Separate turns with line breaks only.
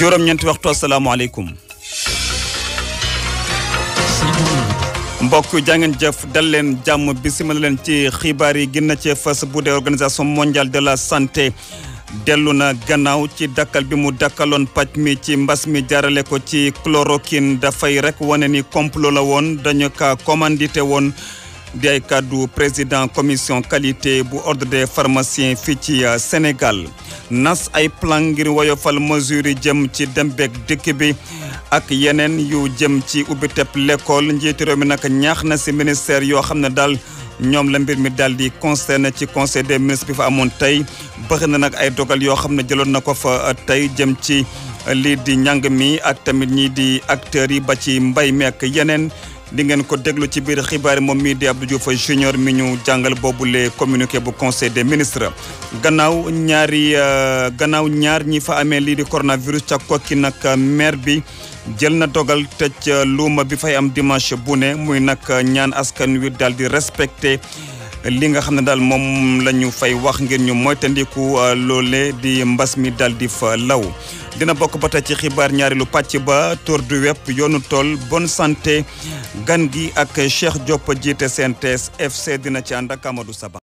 juróom-ñeenti waxtu asalaamaaleykum mbokk jàngeen jëf dal leen jàmm bisimila leen ci xibaar yi ginna na ci fas bu dee organisation mondiale de la santé dellu na gannaaw ci dakkal bi mu dakkaloon paj mi ci mbas mi jaarale ko ci chloroquine dafay rekk wane ni complot la woon dañu ka komandite woon di ay kàddu président commission qualité bu ordre des pharmaciens fii ci euh, Sénégal nas ay plan ngir woyofal mesure jëm ci dem beeg dëkk bi ak yeneen yu jëm ci ubbiteb l'école njiitu réew mi nag ñaax na si ministère yoo xam ne daal ñoom la mbir mi daal di concerné ci conseil des ministres bi fa amoon tey bëri na nag ay dogal yoo xam ne jëloon na ko fa euh, tey jëm ci euh, lii di njàng mi ak tamit ñii di acteurs yi ba ci mbay mi ak yeneen di ngeen ko déglu ci biir xibaar yi moom mii di Abdou Diouf junior mi ñu jàngal boobu boobule communiqué bu conseil de ministres gannaaw ñaari euh, gannaaw ñaar ñi fa amee lii di coronavirus ca kokki nag euh, maire bi jël na dogal tëj euh, luuma bi fay am dimanche bu ne muy nag ñaan askan wi daal di respecté li nga xam ne daal moom la ñu fay wax ngir ñu moytandiku euh, loole di mbas mi daal di fa law dina bokk ba tey ci xibaar ñaareelu pàcc ba tour du web yoonu tool bon santé gan gi ak Cheikh Diop jiite CNTS FC dina ci ànd ak Amadou Saba